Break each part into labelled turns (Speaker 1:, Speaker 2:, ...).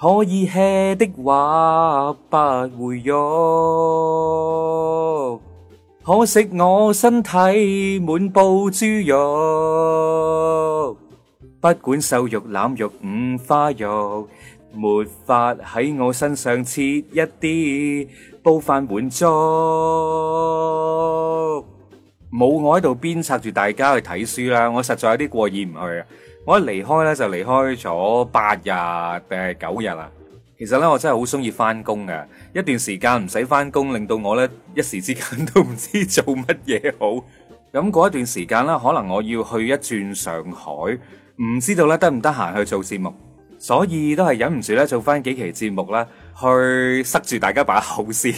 Speaker 1: 可以吃的話不回肉。可惜我身體滿布豬肉，不管瘦肉、腩肉、五花肉，沒法喺我身上切一啲煲翻碗粥。冇我喺度鞭策住大家去睇書啦，我實在有啲過意唔去啊！我一離開咧就離開咗八日定係九日啦。其實咧我真係好中意翻工㗎，一段時間唔使翻工，令到我咧一時之間都唔知做乜嘢好。咁過一段時間啦，可能我要去一轉上海，唔知道咧得唔得閒去做節目，所以都係忍唔住咧做翻幾期節目啦，去塞住大家把口先。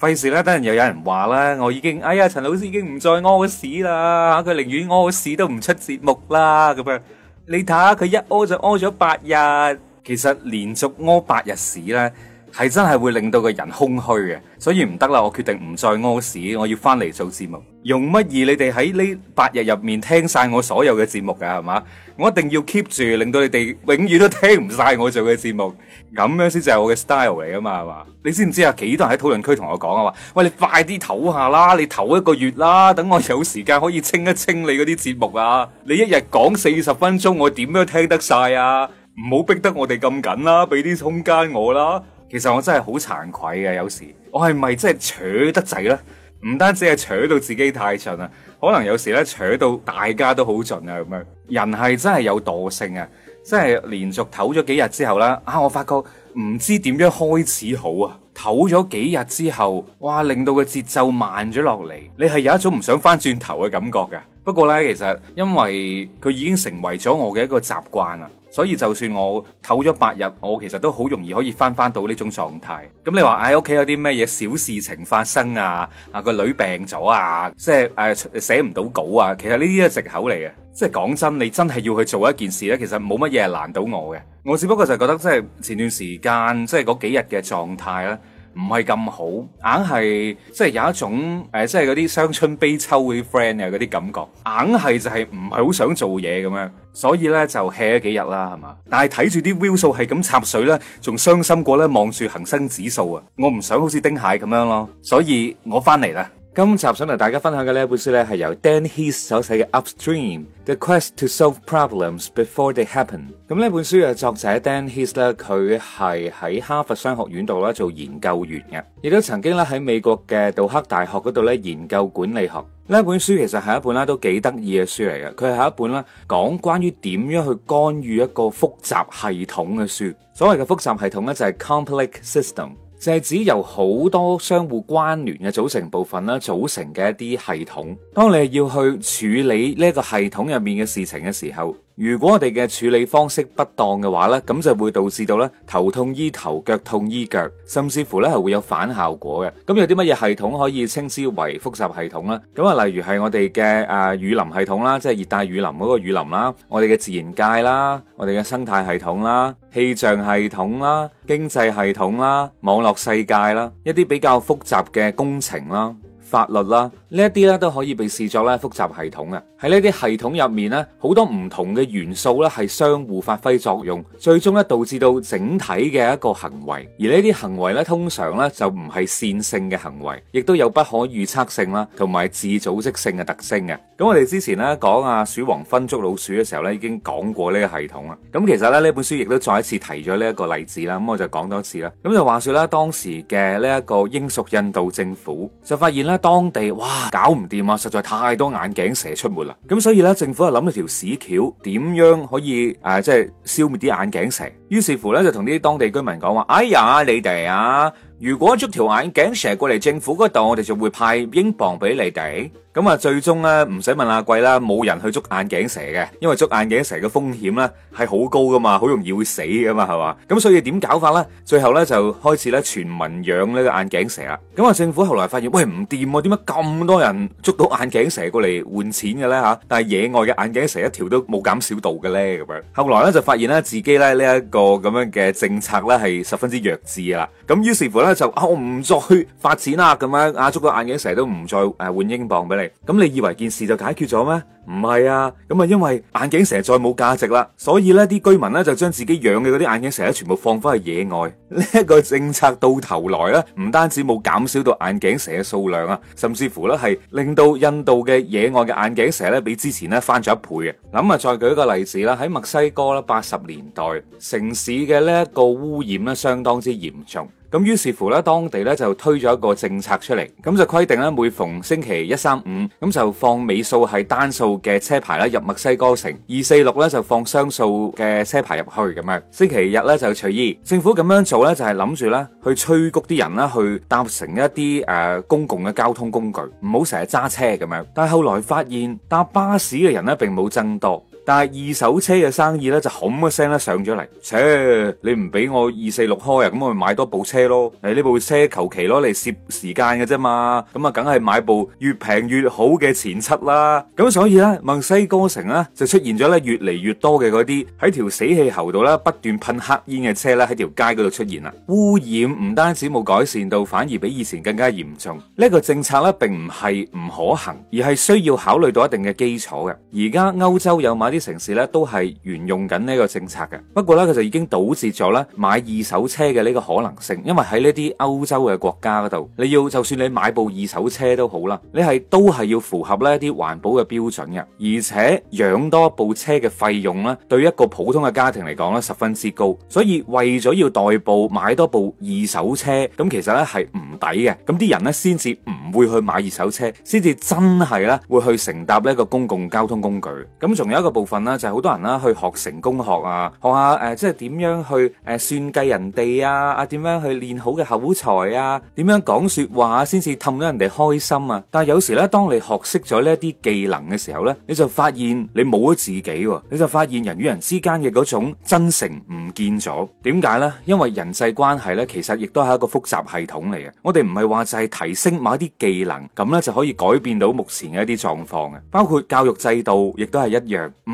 Speaker 1: 費事啦，等陣 又有人話啦，我已經哎呀，陳老師已經唔再屙屎啦，佢寧願屙屎都唔出節目啦，咁、啊、樣，你睇下佢一屙就屙咗八日，其實連續屙八日屎啦。係真係會令到個人空虛嘅，所以唔得啦！我決定唔再屙屎，我要翻嚟做節目。容乜易，你哋喺呢八日入面聽晒我所有嘅節目㗎係嘛？我一定要 keep 住，令到你哋永遠都聽唔晒我做嘅節目，咁樣先至係我嘅 style 嚟噶嘛？係嘛？你知唔知啊？幾多人喺討論區同我講啊？話喂，你快啲唞下啦，你唞一個月啦，等我有時間可以清一清你嗰啲節目啊！你一日講四十分鐘，我點樣聽得晒啊？唔好逼得我哋咁緊啦，俾啲空間我啦。其實我真係好慚愧嘅、啊，有時我係咪真係扯得滯呢？唔單止係扯到自己太盡啊，可能有時呢，扯到大，大家都好盡啊咁樣。人係真係有惰性啊，即係連續唞咗幾日之後啦。啊我發覺唔知點樣開始好啊！唞咗幾日之後，哇令到個節奏慢咗落嚟，你係有一種唔想翻轉頭嘅感覺噶。不過呢，其實因為佢已經成為咗我嘅一個習慣啦。所以就算我唞咗八日，我其實都好容易可以翻翻到呢種狀態。咁你話喺屋企有啲咩嘢小事情發生啊？啊個女病咗啊，即係誒寫唔到稿啊。其實呢啲都係藉口嚟嘅。即係講真，你真係要去做一件事呢，其實冇乜嘢係難到我嘅。我只不過就覺得即係前段時間即係嗰幾日嘅狀態咧。唔係咁好，硬係即係有一種誒，即係嗰啲傷春悲秋嗰啲 friend 啊，嗰啲感覺，硬係就係唔係好想做嘢咁樣，所以咧就 hea 咗幾日啦，係嘛？但係睇住啲 view 數係咁插水咧，仲傷心過咧，望住恒生指數啊，我唔想好似丁蟹咁樣咯，所以我翻嚟啦。今集想同大家分享嘅呢一本書呢，係由 Dan Heath 所寫嘅《Upstream：The Quest to Solve Problems Before They Happen》。咁呢本書嘅作者 Dan Heath 咧，佢係喺哈佛商學院度咧做研究員嘅，亦都曾經咧喺美國嘅杜克大學嗰度咧研究管理學。呢一本書其實係一本咧都幾得意嘅書嚟嘅，佢係一本咧講關於點樣去干預一個複雜系統嘅書。所謂嘅複雜系統咧，就係 complex system。就係指由好多相互關聯嘅組成部分啦，組成嘅一啲系統，當你係要去處理呢個系統入面嘅事情嘅時候。如果我哋嘅處理方式不當嘅話呢，咁就會導致到呢，頭痛醫頭，腳痛醫腳，甚至乎呢係會有反效果嘅。咁有啲乜嘢系統可以稱之為複雜系統呢？咁啊，例如係我哋嘅啊雨林系統啦，即係熱帶雨林嗰個雨林啦，我哋嘅自然界啦，我哋嘅生態系統啦，氣象系統啦，經濟系統啦，網絡世界啦，一啲比較複雜嘅工程啦。法律啦，呢一啲咧都可以被視作咧複雜系統啊。喺呢啲系統入面咧，好多唔同嘅元素咧係相互發揮作用，最終咧導致到整體嘅一個行為。而呢啲行為咧通常咧就唔係線性嘅行為，亦都有不可預測性啦，同埋自組織性嘅特徵嘅。咁我哋之前咧講阿鼠王分捉老鼠嘅時候咧，已經講過呢個系統啦。咁其實咧呢本書亦都再一次提咗呢一個例子啦。咁我就講多次啦。咁就話說咧，當時嘅呢一個英屬印度政府就發現咧。當地哇搞唔掂啊，實在太多眼鏡蛇出沒啦，咁所以呢，政府就諗咗條屎橋，點樣可以誒、呃、即係消滅啲眼鏡蛇？於是乎咧，就同啲當地居民講話：哎呀，你哋啊，如果捉條眼鏡蛇過嚟政府嗰度，我哋就會派英鎊俾你哋。咁啊，最終咧，唔使問阿貴啦，冇人去捉眼鏡蛇嘅，因為捉眼鏡蛇嘅風險咧係好高噶嘛，好容易會死噶嘛，係嘛？咁所以點搞法咧？最後咧就開始咧全民養呢個眼鏡蛇啦。咁啊，政府後來發現，喂，唔掂，點解咁多人捉到眼鏡蛇過嚟換錢嘅咧？吓，但係野外嘅眼鏡蛇一條都冇減少到嘅咧，咁樣。後來咧就發現咧自己咧呢一。個咁樣嘅政策咧，係十分之弱智㗎啦。咁於是乎咧，就啊，我唔再發展啦。咁樣亞足個眼鏡成日都唔再誒換英鎊俾你。咁你以為件事就解決咗咩？唔係啊，咁啊因為眼鏡蛇再冇價值啦，所以呢啲居民呢就將自己養嘅嗰啲眼鏡蛇咧全部放翻去野外。呢 一個政策到頭來呢，唔單止冇減少到眼鏡蛇嘅數量啊，甚至乎呢係令到印度嘅野外嘅眼鏡蛇呢比之前呢翻咗一倍嘅。咁啊，再舉一個例子啦，喺墨西哥啦八十年代，城市嘅呢一個污染呢相當之嚴重。咁於是乎咧，當地咧就推咗一個政策出嚟，咁就規定咧，每逢星期一、三、五，咁就放尾數係單數嘅車牌咧入墨西哥城，二、四、六咧就放雙數嘅車牌入去咁樣。星期日咧就隨意。政府咁樣做咧，就係諗住咧去催谷啲人啦，去搭乘一啲誒、呃、公共嘅交通工具，唔好成日揸車咁樣。但係後來發現搭巴士嘅人咧並冇增多。但係二手車嘅生意咧就冚一聲咧上咗嚟，切你唔俾我二四六開啊，咁、嗯、我買多部車咯。你呢部車求其攞嚟攝時間嘅啫嘛，咁啊梗係買部越平越好嘅錢七啦。咁、嗯、所以咧，墨西哥城咧就出現咗咧越嚟越多嘅嗰啲喺條死氣喉度咧不斷噴黑煙嘅車咧喺條街嗰度出現啦，污染唔單止冇改善到，反而比以前更加嚴重。呢、這個政策咧並唔係唔可行，而係需要考慮到一定嘅基礎嘅。而家歐洲有買啲。啲城市咧，都係沿用緊呢個政策嘅，不過咧佢就已經導致咗咧買二手車嘅呢個可能性，因為喺呢啲歐洲嘅國家嗰度，你要就算你買部二手車都好啦，你係都係要符合呢一啲環保嘅標準嘅，而且養多部車嘅費用咧，對於一個普通嘅家庭嚟講咧十分之高，所以為咗要代步買多部二手車，咁其實咧係唔抵嘅，咁啲人咧先至唔會去買二手車，先至真係咧會去乘搭呢個公共交通工具，咁仲有一個部分。份啦，就係好多人啦去學成功學啊，學下誒、呃，即係點樣去誒、呃、算計人哋啊，啊點樣去練好嘅口才啊，點樣講說話先至氹到人哋開心啊。但係有時咧，當你學識咗呢一啲技能嘅時候咧，你就發現你冇咗自己、啊，你就發現人與人之間嘅嗰種真誠唔見咗。點解咧？因為人際關係咧，其實亦都係一個複雜系統嚟嘅。我哋唔係話就係提升某一啲技能咁咧，就可以改變到目前嘅一啲狀況嘅。包括教育制度亦都係一樣。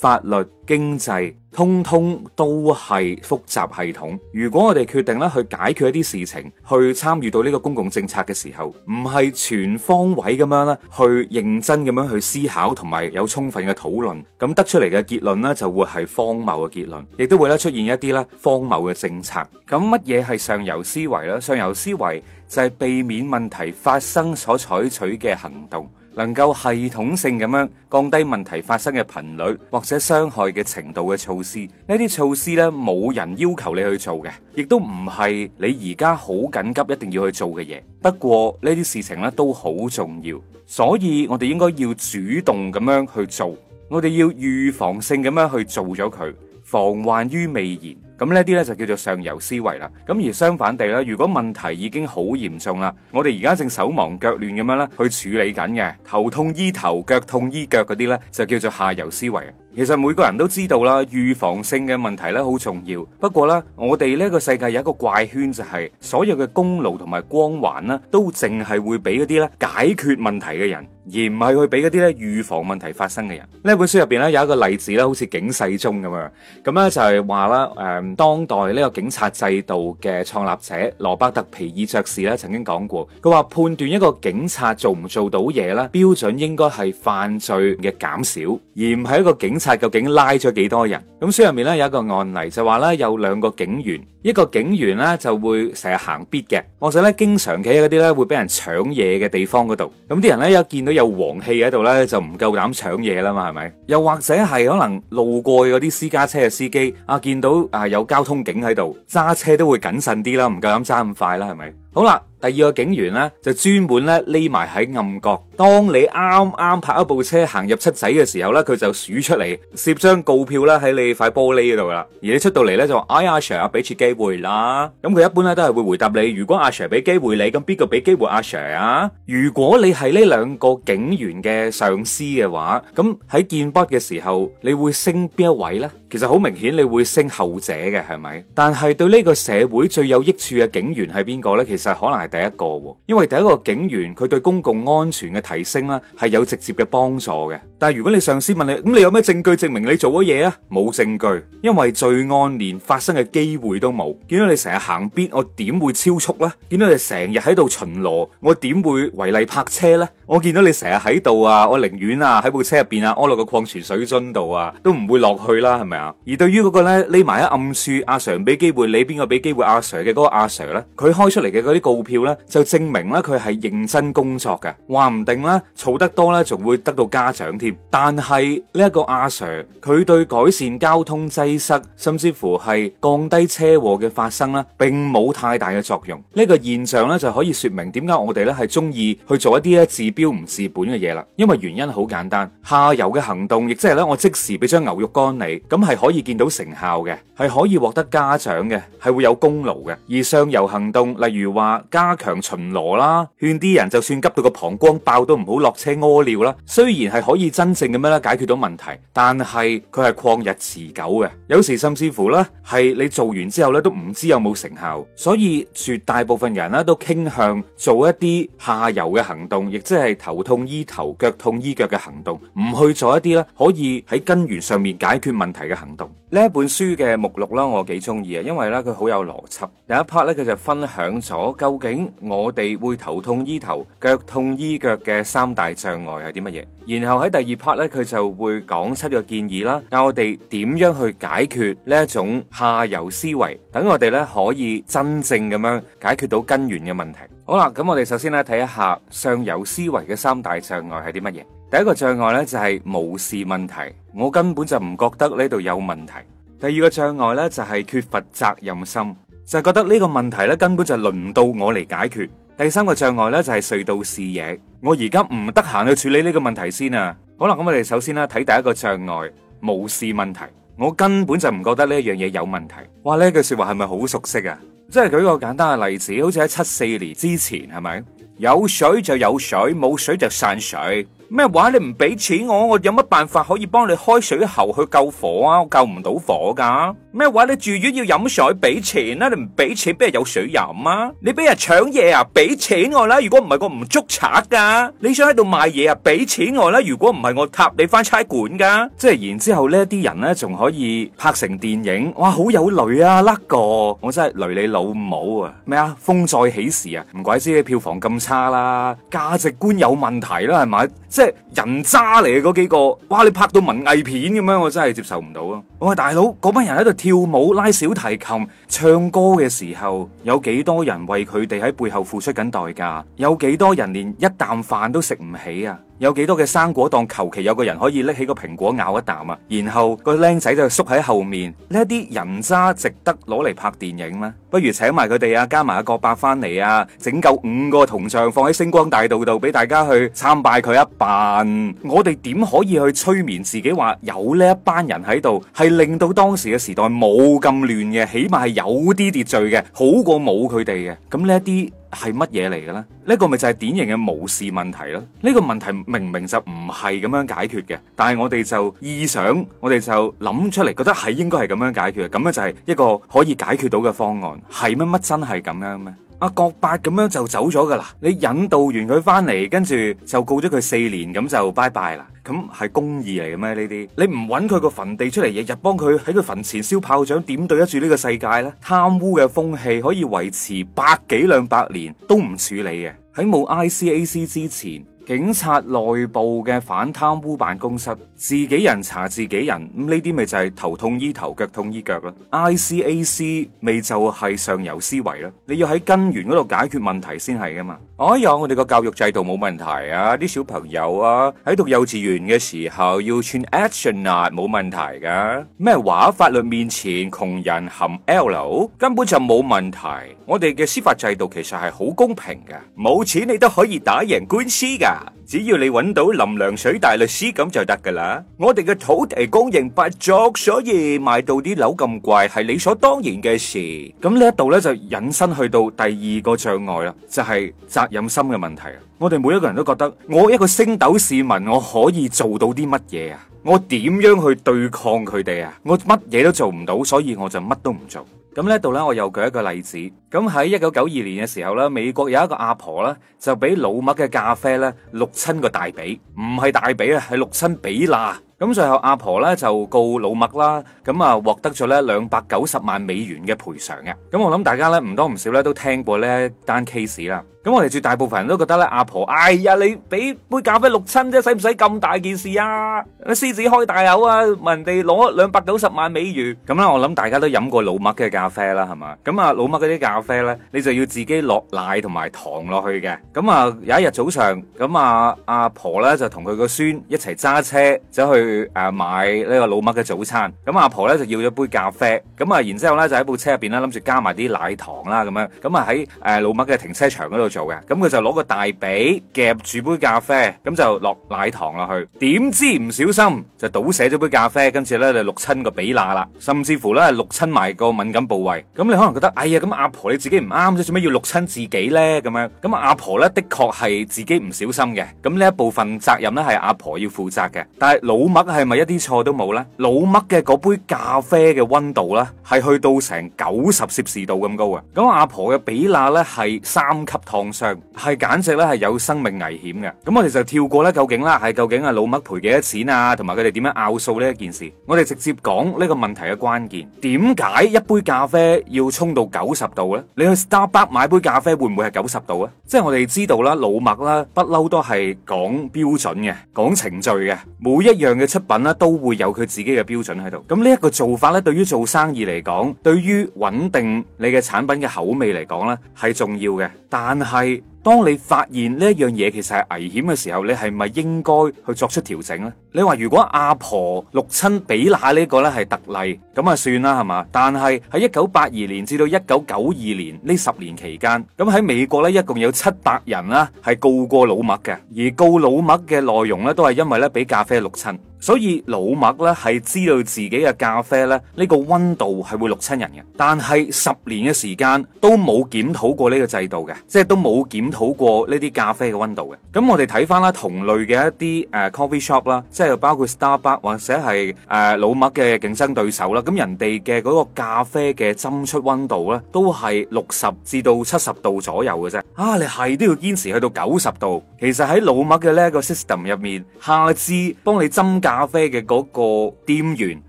Speaker 1: 法律、經濟，通通都係複雜系統。如果我哋決定咧去解決一啲事情，去參與到呢個公共政策嘅時候，唔係全方位咁樣啦，去認真咁樣去思考同埋有充分嘅討論，咁得出嚟嘅結論咧就會係荒謬嘅結論，亦都會咧出現一啲咧荒謬嘅政策。咁乜嘢係上游思維咧？上游思維就係避免問題發生所採取嘅行動。能夠系統性咁樣降低問題發生嘅頻率或者傷害嘅程度嘅措施，呢啲措施呢，冇人要求你去做嘅，亦都唔係你而家好緊急一定要去做嘅嘢。不過呢啲事情呢，都好重要，所以我哋應該要主動咁樣去做，我哋要預防性咁樣去做咗佢，防患於未然。咁呢啲呢就叫做上游思維啦，咁而相反地呢，如果問題已經好嚴重啦，我哋而家正手忙腳亂咁樣呢去處理緊嘅，頭痛醫頭，腳痛醫腳嗰啲呢，就叫做下游思維。其實每個人都知道啦，預防性嘅問題咧好重要。不過咧，我哋呢個世界有一個怪圈、就是，就係所有嘅功勞同埋光環啦，都淨係會俾嗰啲咧解決問題嘅人，而唔係去俾嗰啲咧預防問題發生嘅人。呢本書入邊咧有一個例子啦，好似警世鐘咁樣。咁咧就係話啦，誒，當代呢個警察制度嘅創立者羅伯特皮爾爵士咧曾經講過，佢話判斷一個警察做唔做到嘢咧，標準應該係犯罪嘅減少，而唔係一個警察。究竟拉咗幾多人？咁書入面咧有一個案例就話咧有兩個警員，一個警員咧就會成日行必嘅，或者咧經常企喺嗰啲咧會俾人搶嘢嘅地方嗰度。咁啲人咧一見到有黃氣喺度咧，就唔夠膽搶嘢啦嘛，係咪？又或者係可能路過嗰啲私家車嘅司機啊，見到啊有交通警喺度，揸車都會謹慎啲啦，唔夠膽揸咁快啦，係咪？好啦，第二個警員咧就專門咧匿埋喺暗角。當你啱啱拍一部車行入七仔嘅時候咧，佢就鼠出嚟，攝張告票啦喺你塊玻璃度啦。而你出到嚟咧就話，哎阿 Sir 俾次機會啦。咁佢一般咧都係會回答你，如果阿 Sir 俾機會你，咁邊個俾機會阿 Sir 啊？如果你係呢兩個警員嘅上司嘅話，咁喺見筆嘅時候，你會升邊一位咧？其實好明顯你會升後者嘅，係咪？但係對呢個社會最有益處嘅警員係邊個咧？其實。其實可能係第一個，因為第一個警員佢對公共安全嘅提升咧係有直接嘅幫助嘅。但係如果你上司問你，咁你有咩證據證明你做咗嘢啊？冇證據，因為罪案連發生嘅機會都冇。見到你成日行邊，我點會超速咧？見到你成日喺度巡邏，我點會違例泊車咧？我見到你成日喺度啊，我寧願啊喺部車入邊啊，屙落個礦泉水樽度啊，都唔會落去啦，係咪啊？而對於嗰個咧，匿埋喺暗處，阿 Sir 俾機會你，邊個俾機會阿 Sir 嘅嗰個阿 Sir 咧，佢開出嚟嘅嗰啲告票呢，就證明呢，佢係認真工作嘅，話唔定呢，儲得多呢，仲會得到嘉獎添。但係呢一個阿 Sir，佢對改善交通擠塞，甚至乎係降低車禍嘅發生呢，並冇太大嘅作用。呢、這個現象呢，就可以説明點解我哋呢係中意去做一啲咧自標唔治本嘅嘢啦，因為原因好簡單，下游嘅行動亦即係咧，我即時俾張牛肉乾你，咁係可以見到成效嘅，係可以獲得嘉獎嘅，係會有功勞嘅。而上游行動，例如話加強巡邏啦，勸啲人就算急到個膀胱爆都唔好落車屙尿啦。雖然係可以真正咁樣咧解決到問題，但係佢係曠日持久嘅，有時甚至乎咧係你做完之後咧都唔知有冇成效，所以絕大部分人咧都傾向做一啲下游嘅行動，亦即係。係頭痛醫頭，腳痛醫腳嘅行動，唔去做一啲咧可以喺根源上面解決問題嘅行動。呢一本書嘅目錄咧，我幾中意啊，因為咧佢好有邏輯。有一 part 咧，佢就分享咗究竟我哋會頭痛醫頭，腳痛醫腳嘅三大障礙係啲乜嘢。然後喺第二 part 咧，佢就會講出個建議啦，教我哋點樣去解決呢一種下游思維，等我哋咧可以真正咁樣解決到根源嘅問題。好啦，咁我哋首先咧睇一下上游思維嘅三大障礙係啲乜嘢。第一個障礙呢就係無視問題，我根本就唔覺得呢度有問題。第二個障礙呢就係缺乏責任心，就係覺得呢個問題呢根本就輪唔到我嚟解決。第三個障礙呢就係隧道視野，我而家唔得閒去處理呢個問題先啊。好啦，咁我哋首先呢睇第一個障礙，無視問題，我根本就唔覺得呢樣嘢有問題。哇，呢句說話係咪好熟悉啊？即係舉個簡單嘅例子，好似喺七四年之前，係咪？有水就有水，冇水就散水。咩話？你唔俾錢我，我有乜辦法可以幫你開水喉去救火啊？我救唔到火噶。咩話？你住院要飲水俾錢啊？你唔俾錢，邊有水飲啊？你俾人搶嘢啊？俾錢我啦！如果唔係我唔捉賊噶、啊。你想喺度賣嘢啊？俾錢我啦！如果唔係我撻你返差館噶。即係然之後呢啲人呢，仲可以拍成電影，哇！好有淚啊，甩個，我真係雷你老母啊！咩啊？風再起時啊，唔怪之你票房咁差啦，價值觀有問題啦，係咪？即係人渣嚟嘅嗰幾個，哇！你拍到文藝片咁樣，我真係接受唔到啊！喂，大佬，嗰班人喺度跳舞、拉小提琴、唱歌嘅時候，有幾多人為佢哋喺背後付出緊代價？有幾多人連一啖飯都食唔起啊？有幾多嘅生果檔求其有個人可以拎起個蘋果咬一啖啊！然後個靚仔就縮喺後面。呢一啲人渣值得攞嚟拍電影咩？不如請埋佢哋啊，加埋阿、啊、郭伯翻嚟啊，整夠五個銅像放喺星光大道度，俾大家去參拜佢一扮。我哋點可以去催眠自己話有呢一班人喺度，係令到當時嘅時代冇咁亂嘅，起碼係有啲秩序嘅，好過冇佢哋嘅。咁呢一啲。係乜嘢嚟嘅咧？呢個咪就係典型嘅無視問題啦。呢個問題明明就唔係咁樣解決嘅，但係我哋就意想，我哋就諗出嚟，覺得係應該係咁樣解決，咁樣就係一個可以解決到嘅方案，係乜乜真係咁樣咩？阿郭伯咁樣就走咗噶啦，你引導完佢翻嚟，跟住就告咗佢四年，咁就拜拜啦。咁係公義嚟嘅咩？呢啲你唔揾佢個墳地出嚟，日日幫佢喺佢墳前燒炮仗，點對得住呢個世界呢？貪污嘅風氣可以維持百幾兩百年都唔處理嘅，喺冇 ICAC 之前。警察內部嘅反貪污辦公室，自己人查自己人，咁呢啲咪就係頭痛醫頭腳痛醫腳啦。ICAC 咪就係上游思維啦，你要喺根源嗰度解決問題先係噶嘛。哎呀，我哋個教育制度冇問題啊，啲小朋友啊喺讀幼稚園嘅時候要穿 action 襪、啊、冇問題噶、啊。咩話，法律面前窮人含 L 樓根本就冇問題。我哋嘅司法制度其實係好公平噶，冇錢你都可以打贏官司噶。只要你揾到林良水大律師，咁就得噶啦。我哋嘅土地供應不足，所以賣到啲樓咁貴係理所當然嘅事。咁呢一度呢就引申去到第二個障礙啦，就係責任心嘅問題。我哋每一個人都覺得我一個星斗市民，我可以做到啲乜嘢啊？我點樣去對抗佢哋啊？我乜嘢都做唔到，所以我就乜都唔做。咁呢一度呢，我又舉一個例子。咁喺一九九二年嘅時候啦，美國有一個阿婆啦，就俾老麥嘅咖啡咧，淥親個大髀，唔係大髀啊，係淥親髀喇。咁最後阿婆咧就告老麥啦，咁啊獲得咗咧兩百九十萬美元嘅賠償嘅。咁我諗大家咧唔多唔少咧都聽過呢單 case 啦。咁我哋絕大部分人都覺得咧阿婆，哎呀你俾杯咖啡淥親啫，使唔使咁大件事啊？啲獅子開大口啊，問人哋攞兩百九十萬美元。咁啦，我諗大家都飲過老麥嘅咖啡啦，係嘛？咁啊老麥嗰啲咖。咖啡咧，你就要自己落奶同埋糖落去嘅。咁啊，有一日早上，咁啊阿婆咧就同佢個孫一齊揸車走去誒、啊、買呢個老麥嘅早餐。咁阿、啊、婆咧就要咗杯咖啡，咁啊然之後咧就喺部車入邊咧諗住加埋啲奶糖啦咁樣。咁啊喺誒老麥嘅停車場嗰度做嘅，咁佢就攞個大髀夾住杯咖啡，咁就落奶糖落去。點知唔小心就倒瀉咗杯咖啡，跟住咧就淥親個髀啦，甚至乎咧淥親埋個敏感部位。咁你可能覺得，哎呀，咁阿婆。哎你自己唔啱啫，做咩要淥親自己呢？咁樣。咁阿婆呢，的確係自己唔小心嘅，咁呢一部分責任呢，係阿婆要負責嘅。但係老麥係咪一啲錯都冇呢？老麥嘅嗰杯咖啡嘅溫度呢，係去到成九十攝氏度咁高啊。咁阿婆嘅髀罅呢，係三級燙傷，係簡直呢，係有生命危險嘅。咁我哋就跳過咧，究竟啦係究竟阿老麥賠幾多錢啊？同埋佢哋點樣拗數呢一件事？我哋直接講呢個問題嘅關鍵，點解一杯咖啡要沖到九十度呢？你去 Starbucks 買杯咖啡會唔會係九十度啊？即係我哋知道啦，老麥啦，不嬲都係講標準嘅，講程序嘅，每一樣嘅出品咧都會有佢自己嘅標準喺度。咁呢一個做法咧，對於做生意嚟講，對於穩定你嘅產品嘅口味嚟講咧，係重要嘅。但係，當你發現呢一樣嘢其實係危險嘅時候，你係咪應該去作出調整呢？你話如果阿婆淥親比那呢個咧係特例，咁啊算啦係嘛？但係喺一九八二年至到一九九二年呢十年期間，咁喺美國呢一共有七百人啦係告過老麥嘅，而告老麥嘅內容呢都係因為呢俾咖啡淥親。所以老麥咧係知道自己嘅咖啡咧呢、呢個溫度係會燙親人嘅，但係十年嘅時間都冇檢討過呢個制度嘅，即係都冇檢討過呢啲咖啡嘅溫度嘅。咁我哋睇翻啦，同類嘅一啲誒、呃、coffee shop 啦，即係包括 Starbucks 或者係誒、呃、老麥嘅競爭對手啦，咁人哋嘅個咖啡嘅斟出溫度咧都係六十至到七十度左右嘅啫。啊，你係都要堅持去到九十度。其實喺老麥嘅呢一個 system 入面，下次幫你斟。咖啡嘅嗰個店員、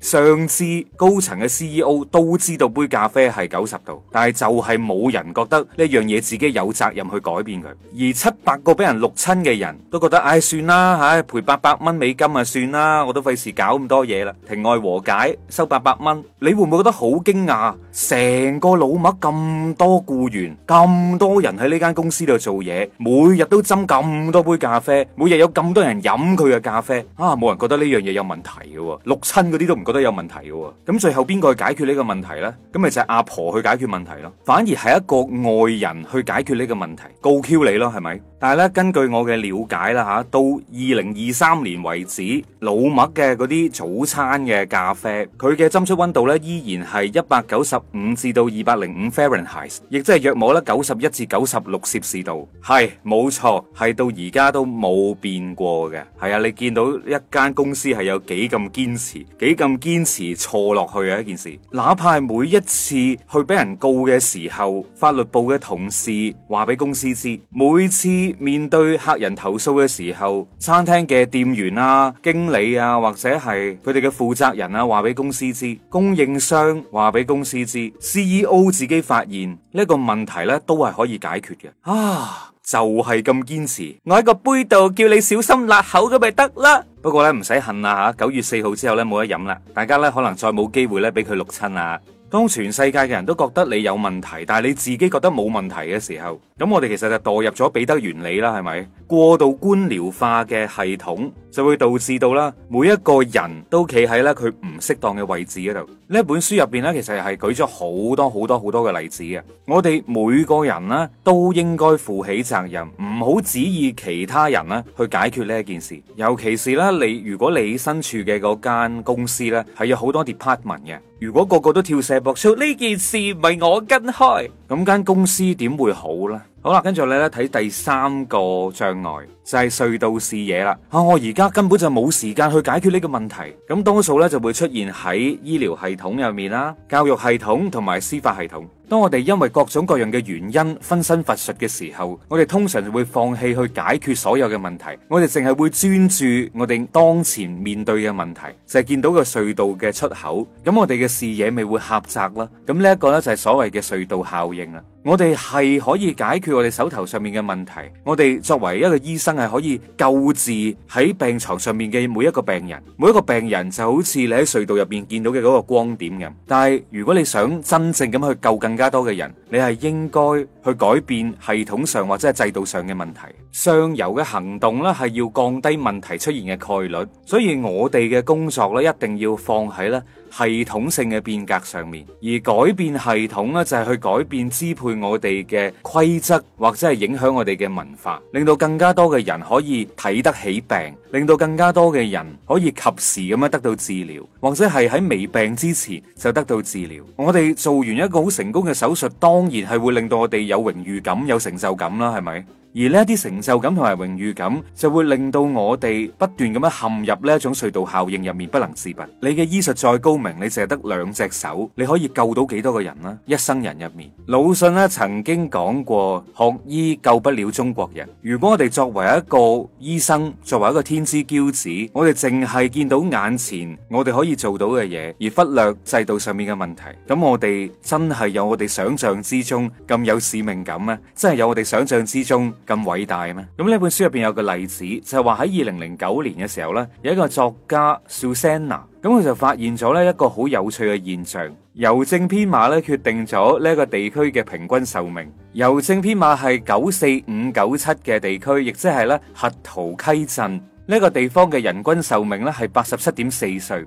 Speaker 1: 上至高層嘅 CEO 都知道杯咖啡係九十度，但係就係冇人覺得呢樣嘢自己有責任去改變佢。而七百個俾人淥親嘅人都覺得，唉，算啦唉，賠八百蚊美金啊，算啦，我都費事搞咁多嘢啦，庭外和解收八百蚊。你會唔會覺得好驚訝？成個老麥咁多僱員，咁多人喺呢間公司度做嘢，每日都斟咁多杯咖啡，每日有咁多人飲佢嘅咖啡，啊，冇人覺得呢？呢樣嘢有問題嘅，六親嗰啲都唔覺得有問題嘅，咁最後邊個去解決呢個問題咧？咁咪就係阿婆去解決問題咯，反而係一個外人去解決呢個問題，告 Q 你咯，係咪？但係咧，根據我嘅了解啦嚇，到二零二三年為止，老麥嘅嗰啲早餐嘅咖啡，佢嘅斟出温度咧，依然係一百九十五至到二百零五 Fahrenheit，亦即係約摸咧九十一至九十六攝氏度，係冇錯，係到而家都冇變過嘅。係啊，你見到一間公司係有幾咁堅持，幾咁堅持錯落去啊。一件事，哪怕係每一次去俾人告嘅時候，法律部嘅同事話俾公司知，每次。面對客人投訴嘅時候，餐廳嘅店員啊、經理啊，或者係佢哋嘅負責人啊，話俾公司知，供應商話俾公司知，CEO 自己發現呢個問題呢都係可以解決嘅啊！就係咁堅持，我喺個杯度叫你小心辣口咁咪得啦。不過呢，唔使恨啊吓，九月四號之後呢，冇得飲啦，大家呢，可能再冇機會呢俾佢錄親啊。當全世界嘅人都覺得你有問題，但係你自己覺得冇問題嘅時候。咁我哋其實就墮入咗彼得原理啦，係咪過度官僚化嘅系統就會導致到啦，每一個人都企喺咧佢唔適當嘅位置嗰度。呢一本書入邊咧，其實係舉咗好多好多好多嘅例子嘅。我哋每個人呢，都應該負起責任，唔好指意其他人咧去解決呢一件事。尤其是呢，你如果你身處嘅嗰間公司呢，係有好多 department 嘅，如果個個都跳繩搏出呢件事唔係我跟開，咁間公司點會好呢？好啦，跟住咧睇第三個障礙就係、是、隧道視野啦。啊、哦，我而家根本就冇時間去解決呢個問題。咁多數呢就會出現喺醫療系統入面啦、教育系統同埋司法系統。當我哋因為各種各樣嘅原因分身乏術嘅時候，我哋通常就會放棄去解決所有嘅問題，我哋淨係會專注我哋當前面對嘅問題，就係見到個隧道嘅出口。咁我哋嘅視野咪會狹窄啦。咁呢一個呢，就係所謂嘅隧道效應啊。我哋係可以解決我哋手頭上面嘅問題。我哋作為一個醫生係可以救治喺病床上面嘅每一個病人，每一個病人就好似你喺隧道入邊見到嘅嗰個光點咁。但係如果你想真正咁去救更，更加多嘅人，你係應該去改變系統上或者係制度上嘅問題。上游嘅行動咧，係要降低問題出現嘅概率。所以我哋嘅工作咧，一定要放喺咧。系統性嘅變革上面，而改變系統呢，就係去改變支配我哋嘅規則，或者係影響我哋嘅文化，令到更加多嘅人可以睇得起病，令到更加多嘅人可以及時咁樣得到治療，或者係喺未病之前就得到治療。我哋做完一個好成功嘅手術，當然係會令到我哋有榮譽感、有成就感啦，係咪？而呢啲成就感同埋榮譽感，就會令到我哋不斷咁樣陷入呢一種隧道效應入面，不能自拔。你嘅醫術再高明，你淨係得兩隻手，你可以救到幾多個人呢？一生人入面，魯迅呢曾經講過：學醫救不了中國人。如果我哋作為一個醫生，作為一個天之驕子，我哋淨係見到眼前我哋可以做到嘅嘢，而忽略制度上面嘅問題，咁我哋真係有我哋想象之中咁有使命感咩？真係有我哋想象之中？咁偉大咩？咁呢本書入邊有個例子，就係話喺二零零九年嘅時候呢，有一個作家 Susanna，咁佢就發現咗呢一個好有趣嘅現象，郵政編碼呢，決定咗呢一個地區嘅平均壽命。郵政編碼係九四五九七嘅地區，亦即係咧核桃溪鎮呢一個地方嘅人均壽命呢係八十七點四歲。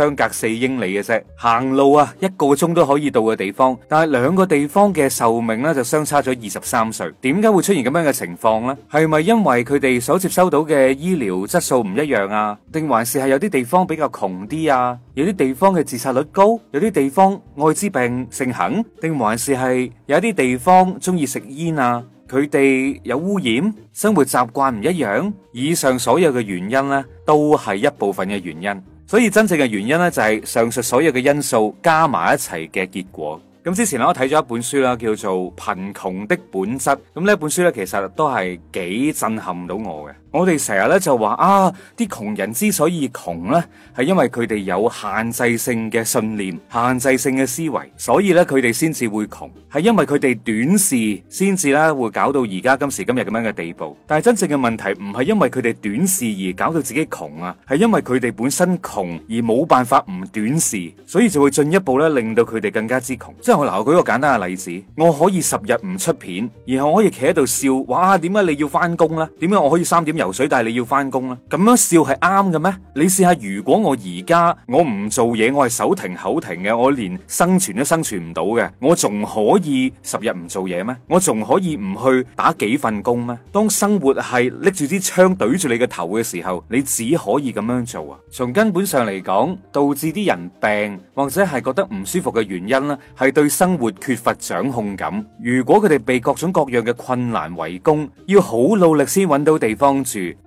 Speaker 1: 相隔四英里嘅啫，行路啊，一個鐘都可以到嘅地方，但係兩個地方嘅壽命呢就相差咗二十三歲。點解會出現咁樣嘅情況呢？係咪因為佢哋所接收到嘅醫療質素唔一樣啊？定還是係有啲地方比較窮啲啊？有啲地方嘅自殺率高，有啲地方艾滋病盛行，定還是係有啲地方中意食煙啊？佢哋有污染，生活習慣唔一樣。以上所有嘅原因呢，都係一部分嘅原因。所以真正嘅原因咧，就係上述所有嘅因素加埋一齊嘅結果。咁之前咧，我睇咗一本書啦，叫做《貧窮的本質》。咁呢本書咧，其實都係幾震撼到我嘅。我哋成日咧就話啊，啲窮人之所以窮呢，係因為佢哋有限制性嘅信念、限制性嘅思維，所以咧佢哋先至會窮，係因為佢哋短視，先至啦會搞到而家今時今日咁樣嘅地步。但係真正嘅問題唔係因為佢哋短視而搞到自己窮啊，係因為佢哋本身窮而冇辦法唔短視，所以就會進一步咧令到佢哋更加之窮。即係我嗱我舉一個簡單嘅例子，我可以十日唔出片，然後我可以企喺度笑，哇，點解你要返工呢？點解我可以三點？游水，但係你要翻工啦。咁樣笑係啱嘅咩？你試下，如果我而家我唔做嘢，我係手停口停嘅，我連生存都生存唔到嘅，我仲可以十日唔做嘢咩？我仲可以唔去打幾份工咩？當生活係拎住支槍懟住你嘅頭嘅時候，你只可以咁樣做啊！從根本上嚟講，導致啲人病或者係覺得唔舒服嘅原因啦，係對生活缺乏掌控感。如果佢哋被各種各樣嘅困難圍攻，要好努力先搵到地方。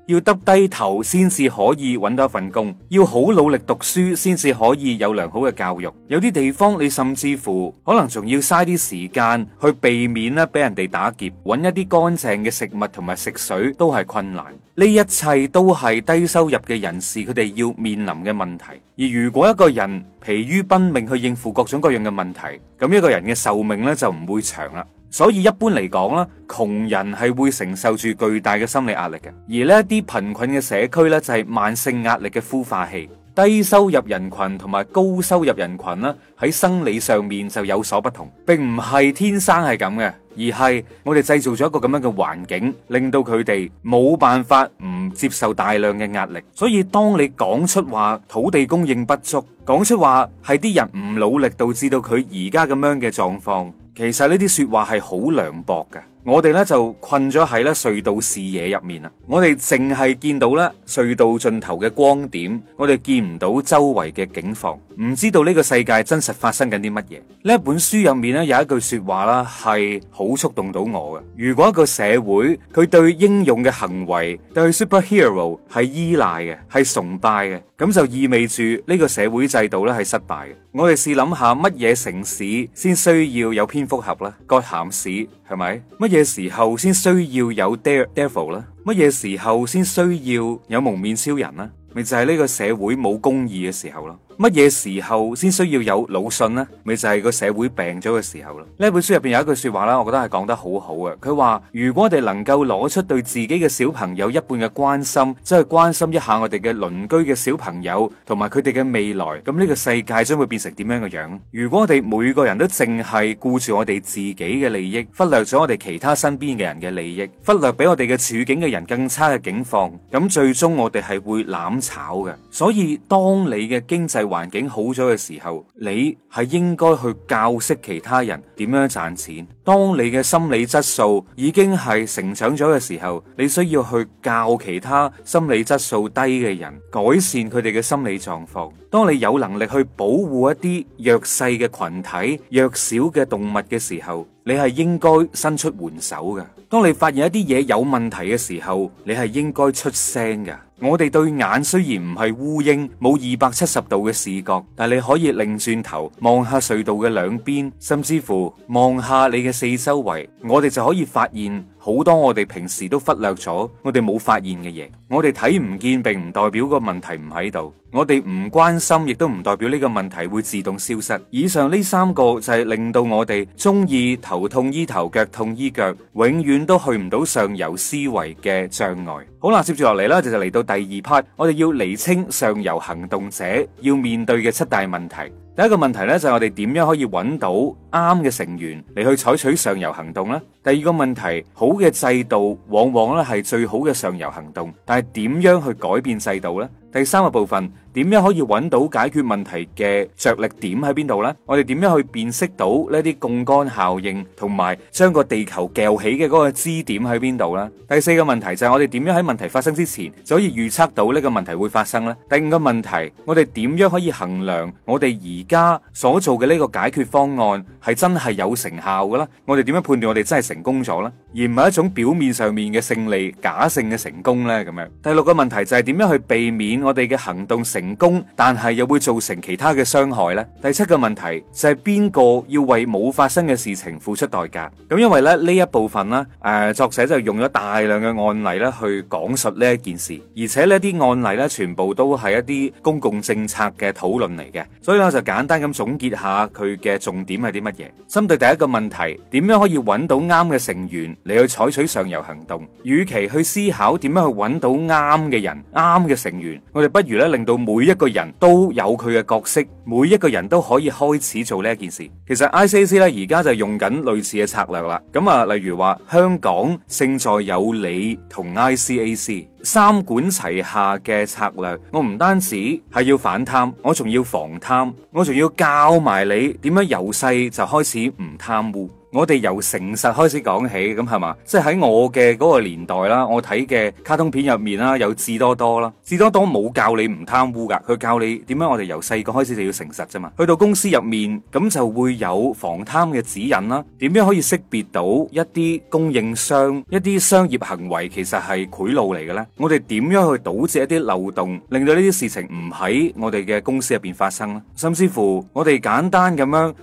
Speaker 1: 要耷低頭先至可以揾到一份工，要好努力讀書先至可以有良好嘅教育。有啲地方，你甚至乎可能仲要嘥啲時間去避免咧俾人哋打劫，揾一啲乾淨嘅食物同埋食水都係困難。呢一切都係低收入嘅人士，佢哋要面臨嘅問題。而如果一個人疲於奔命去應付各種各樣嘅問題，咁一個人嘅壽命咧就唔會長啦。所以一般嚟講咧，窮人係會承受住巨大嘅心理壓力嘅。而呢啲貧困嘅社區呢，就係慢性壓力嘅孵化器。低收入人群同埋高收入人群呢，喺生理上面就有所不同，並唔係天生係咁嘅，而係我哋製造咗一個咁樣嘅環境，令到佢哋冇辦法唔接受大量嘅壓力。所以當你講出話土地供應不足，講出話係啲人唔努力導致到佢而家咁樣嘅狀況。其實，呢啲說話，係好涼薄嘅。我哋咧就困咗喺咧隧道視野入面啊！我哋淨係見到咧隧道盡頭嘅光點，我哋見唔到周圍嘅景況，唔知道呢個世界真實發生緊啲乜嘢。呢一本書入面咧有一句說話啦，係好觸動到我嘅。如果一個社會佢對英勇嘅行為對 Superhero 係依賴嘅，係崇拜嘅，咁就意味住呢個社會制度咧係失敗嘅。我哋試諗下乜嘢城市先需要有蝙蝠俠呢？哥譚市係咪乜？是嘢時候先需要有 devil 咧？乜嘢時候先需要有蒙面超人咧？咪就係、是、呢個社會冇公義嘅時候咯。乜嘢時候先需要有魯迅呢？咪就係個社會病咗嘅時候咯。呢本書入邊有一句說話啦，我覺得係講得好好呀。佢話，如果我哋能夠攞出對自己嘅小朋友一半嘅關心，走去關心一下我哋嘅鄰居嘅小朋友同埋佢哋嘅未來，咁呢個世界將會變成點樣嘅樣？如果我哋每個人都淨係顧住我哋自己嘅利益，忽略咗我哋其他身邊嘅人嘅利益，忽略俾我哋嘅處境嘅人更差嘅境況，咁最終我哋係會攬炒嘅。所以當你嘅經濟，環境好咗嘅時候，你係應該去教識其他人點樣賺錢。當你嘅心理質素已經係成長咗嘅時候，你需要去教其他心理質素低嘅人改善佢哋嘅心理狀況。當你有能力去保護一啲弱勢嘅群體、弱小嘅動物嘅時候，你係應該伸出援手㗎。當你發現一啲嘢有問題嘅時候，你係應該出聲㗎。我哋對眼雖然唔係烏蠅，冇二百七十度嘅視角，但你可以擰轉頭望下隧道嘅兩邊，甚至乎望下你嘅四周圍，我哋就可以發現。好多我哋平時都忽略咗，我哋冇發現嘅嘢，我哋睇唔見，並唔代表個問題唔喺度。我哋唔關心，亦都唔代表呢個問題會自動消失。以上呢三個就係令到我哋中意頭痛醫頭，腳痛醫腳，永遠都去唔到上游思維嘅障礙。好啦，接住落嚟啦，就就嚟到第二 part，我哋要厘清上游行動者要面對嘅七大問題。第一個問題咧就係我哋點樣可以揾到啱嘅成員嚟去採取上游行動呢？第二個問題，好嘅制度往往咧係最好嘅上游行動，但係點樣去改變制度呢？第三個部分，點樣可以揾到解決問題嘅着力點喺邊度呢？我哋點樣去辨識到呢一啲槓桿效應，同埋將個地球撬起嘅嗰個支點喺邊度呢？第四個問題就係我哋點樣喺問題發生之前，就可以預測到呢個問題會發生呢？第五個問題，我哋點樣可以衡量我哋而家所做嘅呢個解決方案係真係有成效嘅呢？我哋點樣判斷我哋真係成功咗呢？而唔係一種表面上面嘅勝利、假性嘅成功呢？咁樣第六個問題就係點樣去避免？我哋嘅行動成功，但係又會造成其他嘅傷害呢？第七個問題就係邊個要為冇發生嘅事情付出代價？咁、嗯、因為咧呢一部分呢誒、呃，作者就用咗大量嘅案例咧去講述呢一件事，而且呢啲案例咧全部都係一啲公共政策嘅討論嚟嘅。所以我就簡單咁總結下佢嘅重點係啲乜嘢？針對第一個問題，點樣可以揾到啱嘅成員嚟去採取上游行動？與其去思考點樣去揾到啱嘅人、啱嘅成員。我哋不如咧令到每一個人都有佢嘅角色，每一個人都可以開始做呢一件事。其實 ICAC 咧而家就用緊類似嘅策略啦。咁啊，例如話香港勝在有你同 ICAC 三管齊下嘅策略。我唔單止係要反貪，我仲要防貪，我仲要教埋你點樣由細就開始唔貪污。我哋由誠實開始講起，咁係嘛？即係喺我嘅嗰個年代啦，我睇嘅卡通片入面啦，有智多多啦，智多多冇教你唔貪污㗎，佢教你點樣。我哋由細個開始就要誠實啫嘛。去到公司入面，咁就會有防貪嘅指引啦。點樣可以識別到一啲供應商一啲商業行為其實係賄賂嚟嘅咧？我哋點樣去堵截一啲漏洞，令到呢啲事情唔喺我哋嘅公司入邊發生呢？甚至乎我哋簡單咁樣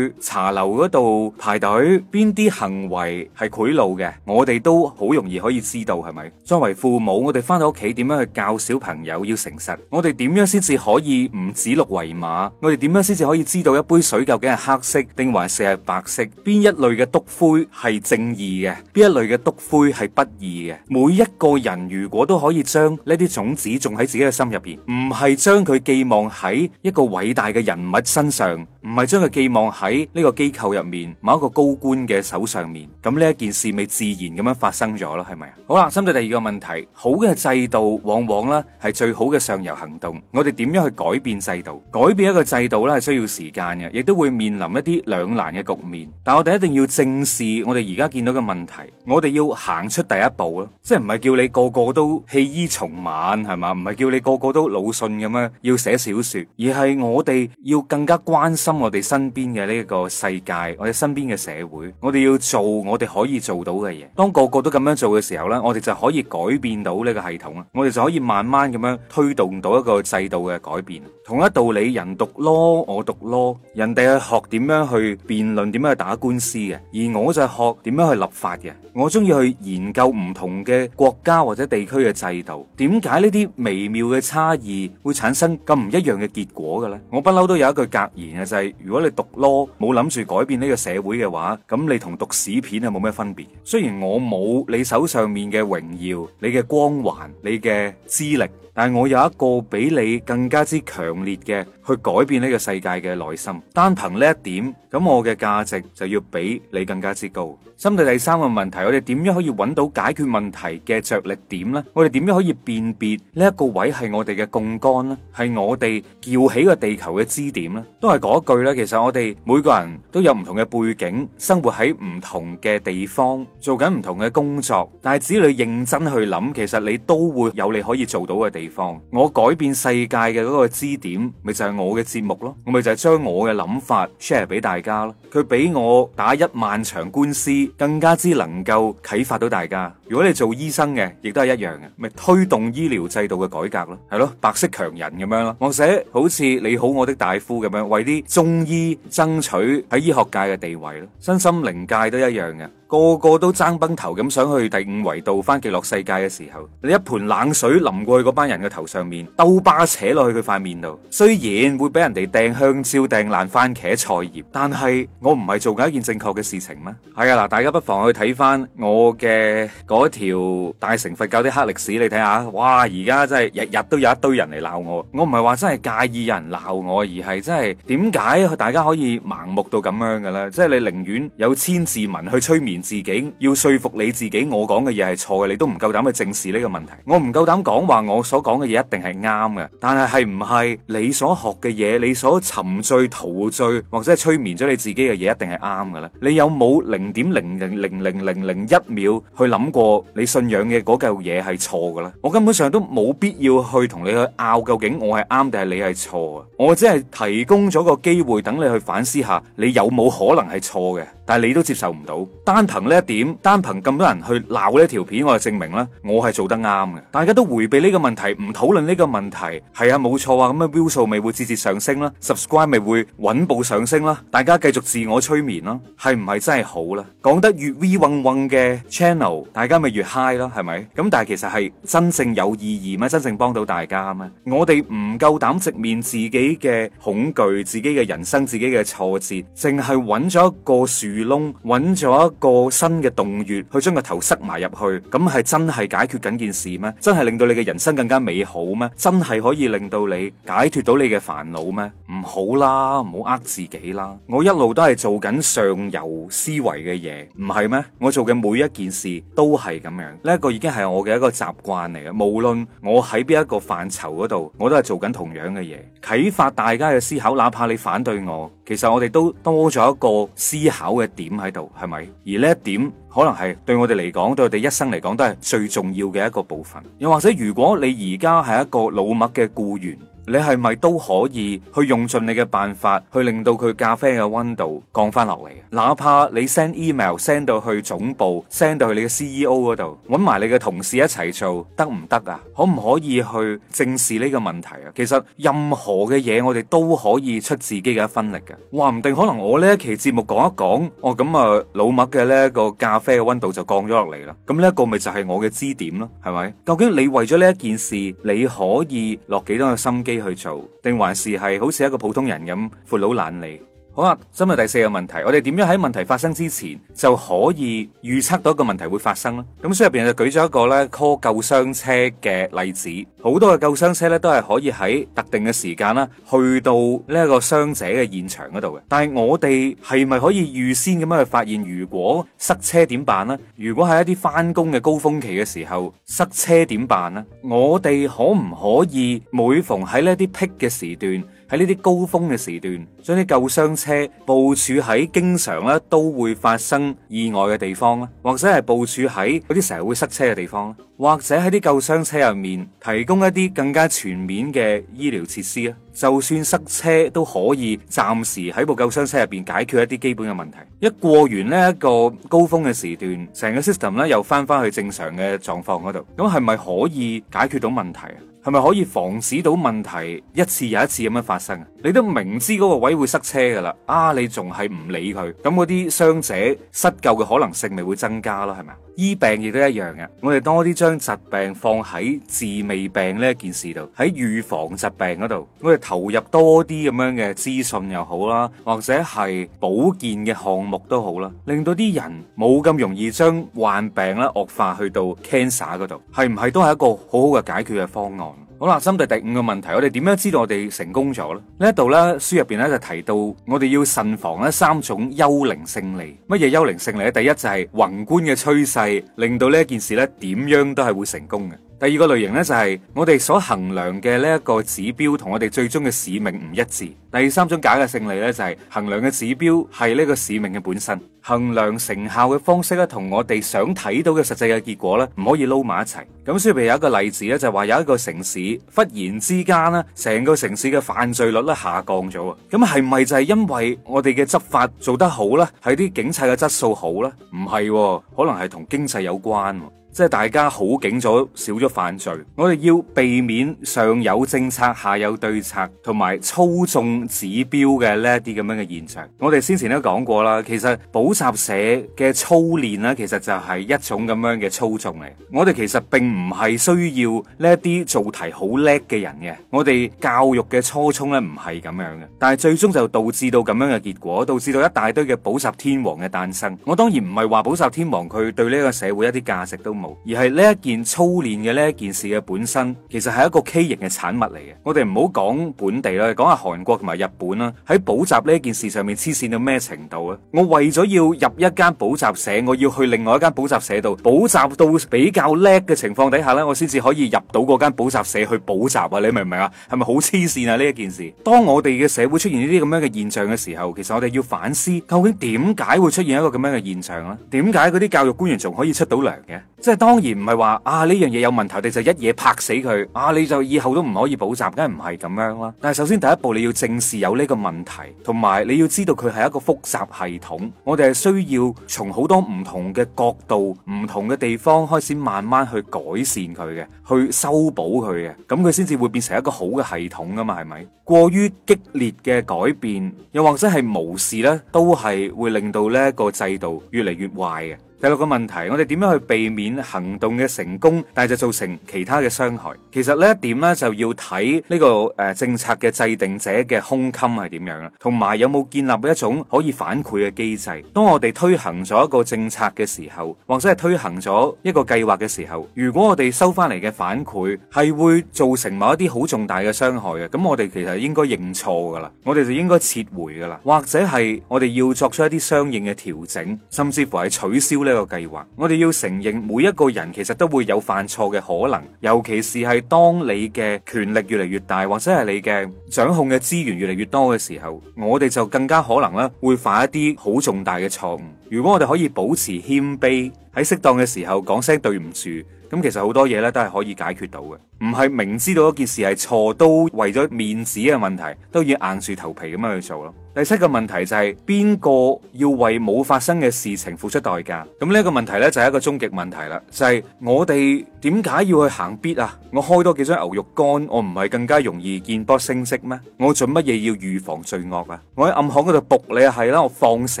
Speaker 1: 去茶樓嗰度排隊。佢邊啲行為係賄賂嘅，我哋都好容易可以知道係咪？作為父母，我哋翻到屋企點樣去教小朋友要誠實？我哋點樣先至可以唔指鹿為馬？我哋點樣先至可以知道一杯水究竟係黑色定還是係白色？邊一類嘅篤灰係正義嘅？邊一類嘅篤灰係不義嘅？每一個人如果都可以將呢啲種子種喺自己嘅心入邊，唔係將佢寄望喺一個偉大嘅人物身上，唔係將佢寄望喺呢個機構入面某一個高官嘅手上面，咁呢一件事咪自然咁樣發生咗咯，係咪啊？好啦，針對第二個問題，好嘅制度往往呢係最好嘅上游行動。我哋點樣去改變制度？改變一個制度呢係需要時間嘅，亦都會面臨一啲兩難嘅局面。但我哋一定要正視我哋而家見到嘅問題，我哋要行出第一步咯，即係唔係叫你個個都棄醫從文係嘛？唔係叫你個個都魯迅咁樣要寫小說，而係我哋要更加關心我哋身邊嘅呢個世界，我哋身邊嘅社會。會我哋要做我哋可以做到嘅嘢，當個個都咁樣做嘅時候呢，我哋就可以改變到呢個系統啊！我哋就可以慢慢咁樣推動到一個制度嘅改變。同一道理，人讀 law，我讀 law，人哋去學點樣去辯論，點樣去打官司嘅，而我就學點樣去立法嘅。我中意去研究唔同嘅國家或者地區嘅制度，點解呢啲微妙嘅差異會產生咁唔一樣嘅結果嘅呢？我不嬲都有一句格言嘅，就係如果你讀 law 冇諗住改變呢個社會嘅話。咁你同讀屎片係冇咩分別？雖然我冇你手上面嘅榮耀、你嘅光環、你嘅資歷。但係我有一個比你更加之強烈嘅去改變呢個世界嘅內心，單憑呢一點，咁我嘅價值就要比你更加之高。針對第三個問題，我哋點樣可以揾到解決問題嘅着力點咧？我哋點樣可以辨別呢一個位係我哋嘅槓桿咧？係我哋撬起個地球嘅支點咧？都係嗰句咧。其實我哋每個人都有唔同嘅背景，生活喺唔同嘅地方，做緊唔同嘅工作，但係只要你認真去諗，其實你都會有你可以做到嘅地。地方，我改變世界嘅嗰個支點，咪就係我嘅節目咯，我咪就係將我嘅諗法 share 俾大家咯。佢比我打一萬場官司更加之能夠啟發到大家。如果你做醫生嘅，亦都係一樣嘅，咪、就是、推動醫療制度嘅改革咯，係咯，白色強人咁樣咯，或者好似你好我的大夫咁樣，為啲中醫爭取喺醫學界嘅地位咯。身心靈界都一樣嘅，個個都爭崩頭咁想去第五維度翻極樂世界嘅時候，你一盆冷水淋過去嗰班人嘅頭上面，兜巴扯落去佢塊面度，雖然會俾人哋掟香蕉掟爛番茄菜葉，但係。我唔係做緊一件正確嘅事情咩？係啊嗱，大家不妨去睇翻我嘅嗰條大乘佛教啲黑歷史，你睇下，哇！而家真係日日都有一堆人嚟鬧我。我唔係話真係介意有人鬧我，而係真係點解大家可以盲目到咁樣嘅咧？即係你寧願有千字文去催眠自己，要說服你自己，我講嘅嘢係錯嘅，你都唔夠膽去正視呢個問題。我唔夠膽講話，我所講嘅嘢一定係啱嘅。但係係唔係你所學嘅嘢，你所沉醉陶醉或者係催眠咗你自己？嘅嘢一定係啱嘅啦，你有冇零點零零零零零零一秒去諗過你信仰嘅嗰嚿嘢係錯嘅咧？我根本上都冇必要去同你去拗，究竟我係啱定係你係錯啊！我只係提供咗個機會等你去反思下，你有冇可能係錯嘅。但你都接受唔到，單憑呢一點，單憑咁多人去鬧呢條片，我就證明啦，我係做得啱嘅。大家都回避呢個問題，唔討論呢個問題，係啊，冇錯啊，咁嘅 view 數咪會節節上升啦，subscribe 咪會穩步上升啦，大家繼續自我催眠咯，係唔係真係好啦？講得越 v 混混嘅 channel，大家咪越 high 咯，係咪？咁但係其實係真正有意義咩？真正幫到大家咩？我哋唔夠膽直面自己嘅恐懼、自己嘅人生、自己嘅挫折，淨係揾咗一個樹窿揾咗一個新嘅洞穴去將個頭塞埋入去，咁係真係解決緊件事咩？真係令到你嘅人生更加美好咩？真係可以令到你解脫到你嘅煩惱咩？唔好啦，唔好呃自己啦。我一路都係做緊上游思維嘅嘢，唔係咩？我做嘅每一件事都係咁樣，呢一個已經係我嘅一個習慣嚟嘅。無論我喺邊一個範疇嗰度，我都係做緊同樣嘅嘢，啟發大家嘅思考。哪怕你反對我。其實我哋都多咗一個思考嘅點喺度，係咪？而呢一點可能係對我哋嚟講，對我哋一生嚟講都係最重要嘅一個部分。又或者，如果你而家係一個老麥嘅僱員。你係咪都可以去用盡你嘅辦法去令到佢咖啡嘅溫度降翻落嚟？哪怕你 send email send 到去總部，send 到去你嘅 CEO 度，揾埋你嘅同事一齊做，得唔得啊？可唔可以去正視呢個問題啊？其實任何嘅嘢，我哋都可以出自己嘅一分力嘅。話唔定可能我呢一期節目講一講，哦咁啊，老麥嘅呢個咖啡嘅溫度就降咗落嚟啦。咁呢個咪就係我嘅支點咯，係咪？究竟你為咗呢一件事，你可以落幾多個心機？去做，定還是係好似一個普通人咁，闊佬懶理。好啦，真係第四個問題，我哋點樣喺問題發生之前就可以預測到個問題會發生咧？咁書入邊就舉咗一個咧，call 救傷車嘅例子。好多嘅救傷車咧，都係可以喺特定嘅時間啦，去到呢一個傷者嘅現場嗰度嘅。但係我哋係咪可以預先咁樣去發現，如果塞車點辦呢？如果喺一啲翻工嘅高峰期嘅時候塞車點辦呢？我哋可唔可以每逢喺呢啲 peak 嘅時段？喺呢啲高峰嘅時段，將啲救傷車部署喺經常咧都會發生意外嘅地方咧，或者係部署喺嗰啲成日會塞車嘅地方，或者喺啲救傷車入面提供一啲更加全面嘅醫療設施啊。就算塞車都可以暫時喺部救傷車入邊解決一啲基本嘅問題。一過完呢一個高峰嘅時段，成個 system 咧又翻翻去正常嘅狀況嗰度，咁係咪可以解決到問題啊？係咪可以防止到問題一次又一次咁樣發生啊？你都明知嗰個位會塞車㗎啦，啊！你仲係唔理佢？咁嗰啲傷者失救嘅可能性咪會增加咯？係咪啊？醫病亦都一樣嘅。我哋多啲將疾病放喺治未病呢一件事度，喺預防疾病嗰度，我哋投入多啲咁樣嘅資訊又好啦，或者係保健嘅項目都好啦，令到啲人冇咁容易將患病啦惡化去到 cancer 嗰度，係唔係都係一個好好嘅解決嘅方案？好啦，針對第五個問題，我哋點樣知道我哋成功咗呢？呢一度呢，書入邊呢就提到，我哋要慎防咧三種幽靈勝利。乜嘢幽靈勝利咧？第一就係宏觀嘅趨勢，令到呢件事呢點樣都係會成功嘅。第二個類型咧就係我哋所衡量嘅呢一個指標同我哋最終嘅使命唔一致。第三種假嘅勝利咧就係衡量嘅指標係呢個使命嘅本身。衡量成效嘅方式咧同我哋想睇到嘅實際嘅結果咧唔可以撈埋一齊。咁，所以譬如有一個例子咧就話有一個城市忽然之間咧成個城市嘅犯罪率咧下降咗，咁係咪就係因為我哋嘅執法做得好啦，係啲警察嘅質素好啦？唔係，可能係同經濟有關。即係大家好警咗少咗犯罪，我哋要避免上有政策下有對策，同埋操縱指標嘅呢一啲咁樣嘅現象。我哋先前都講過啦，其實補習社嘅操練咧，其實就係一種咁樣嘅操縱嚟。我哋其實並唔係需要呢一啲做題好叻嘅人嘅，我哋教育嘅初衷咧唔係咁樣嘅，但係最終就導致到咁樣嘅結果，導致到一大堆嘅補習天王嘅誕生。我當然唔係話補習天王佢對呢個社會一啲價值都冇。而係呢一件操練嘅呢一件事嘅本身，其實係一個畸形嘅產物嚟嘅。我哋唔好講本地啦，講下韓國同埋日本啦，喺補習呢一件事上面黐線到咩程度啊？我為咗要入一間補習社，我要去另外一間補習社度補習，到比較叻嘅情況底下呢，我先至可以入到嗰間補習社去補習啊！你明唔明啊？係咪好黐線啊？呢一件事，當我哋嘅社會出現呢啲咁樣嘅現象嘅時候，其實我哋要反思，究竟點解會出現一個咁樣嘅現象呢？點解嗰啲教育官員仲可以出到糧嘅？即當然唔係話啊呢樣嘢有問題，你就一嘢拍死佢啊！你就以後都唔可以補習，梗係唔係咁樣啦。但係首先第一步，你要正視有呢個問題，同埋你要知道佢係一個複雜系統。我哋係需要從好多唔同嘅角度、唔同嘅地方開始慢慢去改善佢嘅，去修補佢嘅，咁佢先至會變成一個好嘅系統噶嘛？係咪？過於激烈嘅改變，又或者係無視呢，都係會令到呢個制度越嚟越壞嘅。第六個問題，我哋點樣去避免行動嘅成功，但係就造成其他嘅傷害？其實呢一點呢，就要睇呢個、呃、政策嘅制定者嘅胸襟係點樣啦，同埋有冇建立一種可以反饋嘅機制。當我哋推行咗一個政策嘅時候，或者係推行咗一個計劃嘅時候，如果我哋收翻嚟嘅反饋係會造成某一啲好重大嘅傷害嘅，咁我哋其實應該認錯噶啦，我哋就應該撤回噶啦，或者係我哋要作出一啲相應嘅調整，甚至乎係取消咧呢個計劃，我哋要承認每一個人其實都會有犯錯嘅可能，尤其是係當你嘅權力越嚟越大，或者係你嘅掌控嘅資源越嚟越多嘅時候，我哋就更加可能咧會犯一啲好重大嘅錯誤。如果我哋可以保持謙卑，喺適當嘅時候講聲對唔住，咁其實好多嘢，咧都係可以解決到嘅。唔係明知道一件事係錯，都為咗面子嘅問題都要硬住頭皮咁樣去做咯。第七個問題就係邊個要為冇發生嘅事情付出代價？咁呢一個問題呢就係一個終極問題啦，就係我哋點解要去行必啊？我開多幾張牛肉乾，我唔係更加容易見波升息咩？我做乜嘢要預防罪惡啊？我喺暗巷嗰度捕你係啦，我放蛇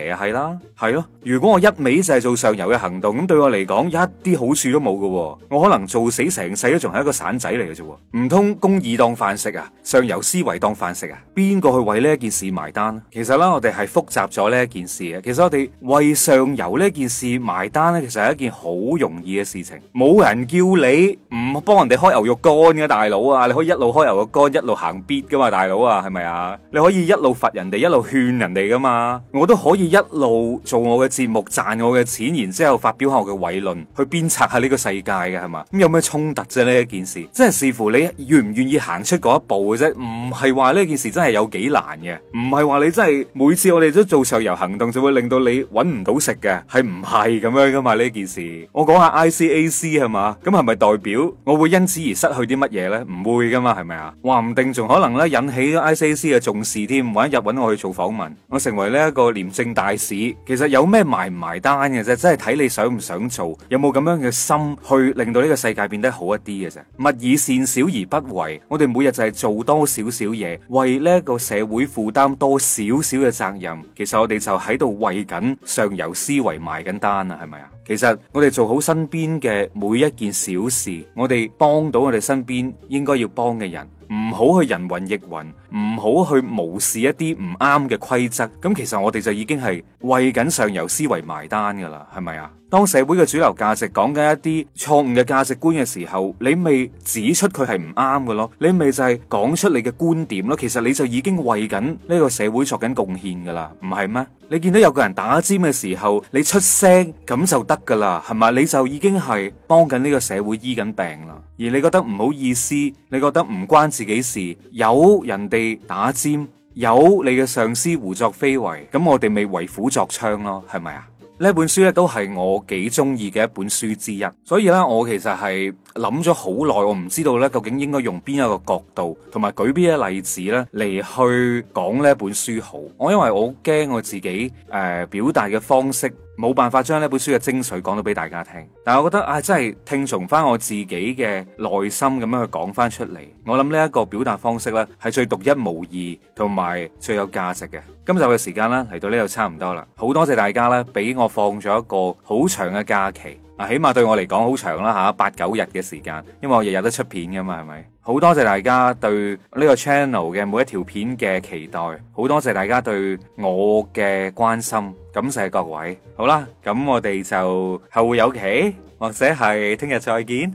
Speaker 1: 係啦，係咯。如果我一味就係做上游嘅行動，咁對我嚟講一啲好處都冇嘅喎。我可能做死成世都仲係一個散仔嚟嘅啫，唔通公義當飯食啊？上游思維當飯食啊？邊個去為呢一件事埋單？其實咧，我哋係複雜咗呢一件事嘅。其實我哋為上游呢件事埋單呢，其實係一件好容易嘅事情。冇人叫你唔幫人哋開牛肉乾嘅大佬啊！你可以一路開牛肉乾，一路行必噶嘛，大佬啊，係咪啊？你可以一路罰人哋，一路勸人哋噶嘛。我都可以一路做我嘅節目，賺我嘅錢，然之後發表下我嘅偉論，去鞭策下呢個世界嘅係嘛。咁有咩衝突啫？呢一件事，即係視乎你願唔願意行出嗰一步嘅啫。唔係話呢件事真係有幾難嘅，唔係話你。即係每次我哋都做上游行動，就會令到你搵唔到食嘅，係唔係咁樣噶嘛？呢件事我講下 ICAC 係嘛，咁係咪代表我會因此而失去啲乜嘢咧？唔會噶嘛，係咪啊？話唔定仲可能咧，引起 ICAC 嘅重視添，某一日搵我去做訪問，我成為呢一個廉政大使。其實有咩埋唔埋單嘅啫？真係睇你想唔想做，有冇咁樣嘅心去令到呢個世界變得好一啲嘅啫。勿以善小而不為，我哋每日就係做多少少嘢，為呢一個社會負擔多少少少嘅責任，其實我哋就喺度為緊上游思維埋緊單呀，係咪啊？其實我哋做好身邊嘅每一件小事，我哋幫到我哋身邊應該要幫嘅人，唔好去人云亦云。唔好去無視一啲唔啱嘅規則，咁其實我哋就已經係為緊上游思維埋單噶啦，係咪啊？當社會嘅主流價值講緊一啲錯誤嘅價值觀嘅時候，你咪指出佢係唔啱嘅咯，你咪就係講出你嘅觀點咯，其實你就已經為緊呢個社會作緊貢獻噶啦，唔係咩？你見到有個人打尖嘅時候，你出聲咁就得噶啦，係咪，你就已經係幫緊呢個社會醫緊病啦，而你覺得唔好意思，你覺得唔關自己事，有人哋。打尖，有你嘅上司胡作非為，咁我哋咪為虎作倀咯，係咪啊？呢本書咧都係我幾中意嘅一本書之一，所以咧我其實係諗咗好耐，我唔知道咧究竟應該用邊一個角度，同埋舉邊一例子咧嚟去講呢本書好。我因為我驚我自己誒、呃、表達嘅方式。冇辦法將呢本書嘅精髓講到俾大家聽，但係我覺得啊，真係聽從翻我自己嘅內心咁樣去講翻出嚟，我諗呢一個表達方式呢，係最獨一無二同埋最有價值嘅。今集嘅時間呢，嚟到呢度差唔多啦，好多謝大家呢，俾我放咗一個好長嘅假期，啊，起碼對我嚟講好長啦嚇，八九日嘅時間，因為我日日都出片㗎嘛，係咪？好多謝大家對呢個 channel 嘅每一條片嘅期待，好多謝大家對我嘅關心，感謝各位。好啦，咁我哋就後會有期，或者係聽日再見。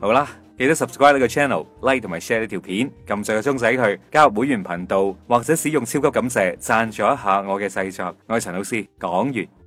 Speaker 1: 好啦，記得 subscribe 呢個 channel，like 同埋 share 呢條片，撳最後嘅鐘仔佢，加入會員頻道或者使用超級感謝贊助一下我嘅製作。我係陳老 C，講完。